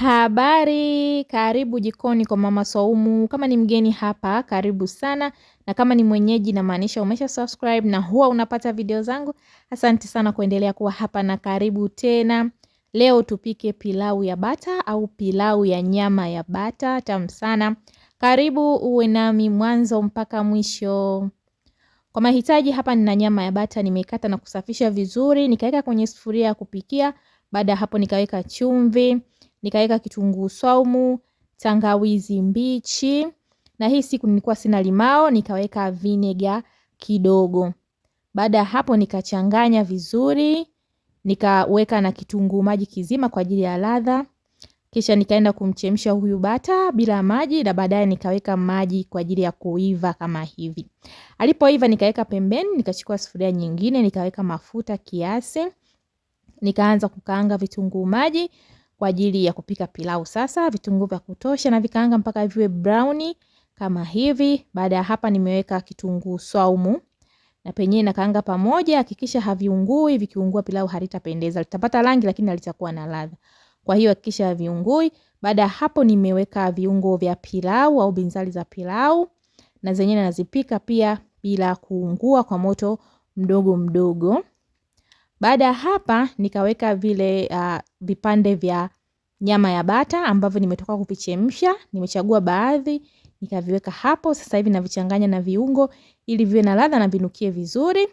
Habari, karibu jikoni kwa mama Saumu. Kama ni mgeni hapa, karibu sana. Na kama ni mwenyeji namaanisha umesha subscribe na huwa unapata video zangu. Asante sana kuendelea kuwa hapa na karibu tena. Leo tupike pilau ya bata au pilau ya nyama ya bata. Tamu sana. Karibu uwe nami mwanzo mpaka mwisho. Kwa mahitaji hapa nina nyama ya bata nimekata na kusafisha vizuri, nikaweka kwenye sufuria ya kupikia. Baada ya hapo nikaweka chumvi, nikaweka kitunguu saumu, tangawizi mbichi na hii siku nilikuwa sina limao, nikaweka vinega kidogo. Baada ya hapo nikachanganya vizuri, nikaweka na kitunguu maji kizima kwa ajili ya ladha. Kisha nikaenda kumchemsha huyu bata bila maji na baadaye nikaweka maji kwa ajili ya kuiva kama hivi. Alipoiva nikaweka pembeni, nikachukua sufuria nyingine, nikaweka mafuta kiasi, Nikaanza kukaanga vitunguu maji kwa ajili ya kupika pilau sasa, vitunguu vya kutosha na vikaanga mpaka viwe brown kama hivi. Baada ya hapa nimeweka kitunguu saumu na penyewe nakaanga pamoja, hakikisha haviungui. Vikiungua pilau halitapendeza, litapata rangi lakini halitakuwa na ladha. Kwa hiyo hakikisha haviungui. Baada ya hapo nimeweka viungo vya pilau au binzari za pilau na zenyewe nazipika pia bila kuungua kwa moto mdogo mdogo. Baada ya hapa nikaweka vile uh, vipande vya nyama ya bata ambavyo nimetoka kuvichemsha, nimechagua baadhi nikaviweka hapo. Sasa hivi navichanganya na viungo ili viwe na ladha na vinukie vizuri.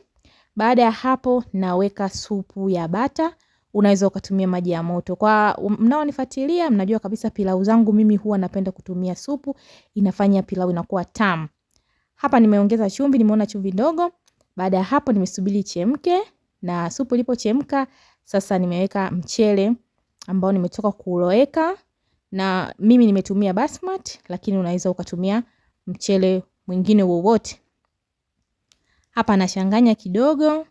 Baada ya hapo naweka supu ya bata. Unaweza ukatumia maji ya moto. Kwa mnaonifuatilia mnajua kabisa pilau zangu mimi huwa napenda kutumia supu, inafanya pilau inakuwa tamu. Hapa nimeongeza chumvi, nimeona chumvi ndogo. Baada ya hapo nimesubiri ichemke na supu ilipochemka sasa nimeweka mchele ambao nimetoka kuloweka na mimi nimetumia basmati, lakini unaweza ukatumia mchele mwingine wowote. Hapa nachanganya kidogo.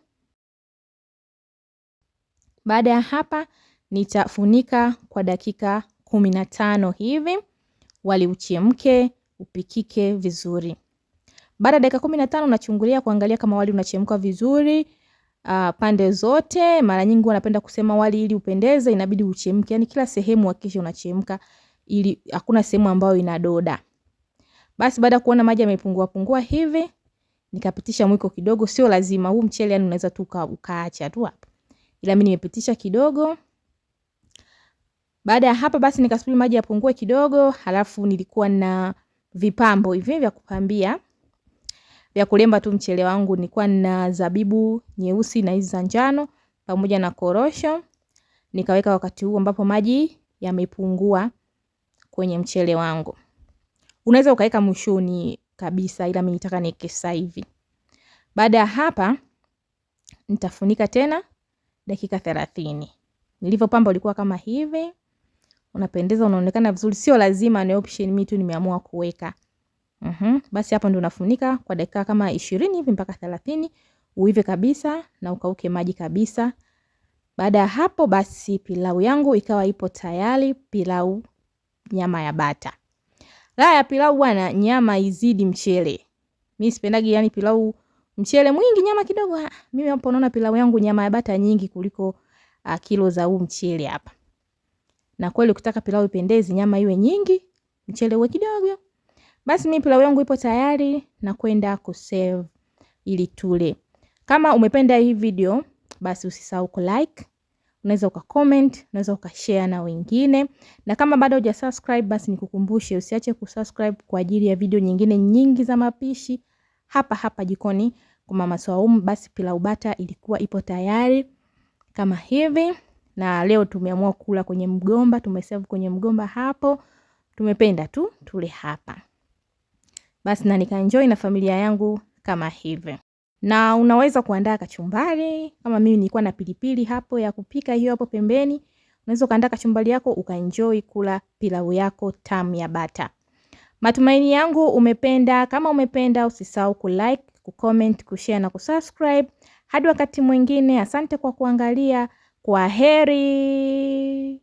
Baada ya hapa nitafunika kwa dakika kumi na tano hivi wali uchemke upikike vizuri. Baada ya dakika kumi na tano nachungulia kuangalia kama wali unachemka vizuri uh, pande zote. Mara nyingi wanapenda kusema wali ili upendeze inabidi uchemke, yani kila sehemu hakikisha unachemka ili hakuna sehemu ambayo inadoda. Basi baada ya kuona maji yamepungua pungua hivi, nikapitisha mwiko kidogo, sio lazima huu mchele yani unaweza tu ukaacha tu hapo, Ila mimi nimepitisha kidogo. Baada ya hapa basi nikasubiri maji yapungue kidogo, halafu nilikuwa na vipambo hivi vya kupambia vya kulemba tu mchele wangu nilikuwa na zabibu nyeusi na hizi za njano pamoja na korosho nikaweka wakati huu ambapo maji yamepungua kwenye mchele wangu. Unaweza ukaweka mwishoni kabisa ila mimi nataka niweke sasa hivi. Baada ya hapa nitafunika tena dakika 30. Nilivyopamba ulikuwa kama hivi. Unapendeza, unaonekana vizuri. Sio lazima ni option, mimi tu nimeamua kuweka. Mm-hmm. Basi hapo ndio unafunika kwa dakika kama ishirini hivi mpaka thelathini uive kabisa na ukauke maji kabisa. Baada ya hapo basi pilau yangu ikawa ipo tayari, pilau nyama ya bata. Raha ya pilau bwana, nyama izidi mchele. Mimi sipendagi yani pilau mchele mwingi, nyama kidogo. Ah, mimi hapo naona pilau yangu nyama ya bata nyingi kuliko uh, kilo za huu mchele hapa. Na kweli ukitaka pilau ipendeze, nyama iwe nyingi, mchele uwe kidogo. Basi mimi pilau yangu ipo tayari na kwenda kuserve ili tule. Kama umependa hii video, basi usisahau ku like, unaweza uka comment, unaweza uka share na wengine. Na kama bado subscribe, basi nikukumbushe usiache kusubscribe kwa ajili ya video nyingine nyingi za mapishi hapa hapa jikoni kwa Mama Swaumu. Basi pilau bata ilikuwa ipo tayari kama hivi, na leo tumeamua kula kwenye mgomba, tumeserve kwenye mgomba hapo, tumependa tu tule hapa basi na nikaenjoy na familia yangu kama hivi. Na unaweza kuandaa kachumbari kama mimi nilikuwa na pilipili hapo ya kupika hiyo hapo pembeni. Unaweza kuandaa kachumbari yako ukaenjoy kula pilau yako tamu ya bata. Matumaini yangu umependa. Kama umependa usisahau kulike, kucomment, kushare na kusubscribe. Hadi wakati mwingine, asante kwa kuangalia. Kwaheri.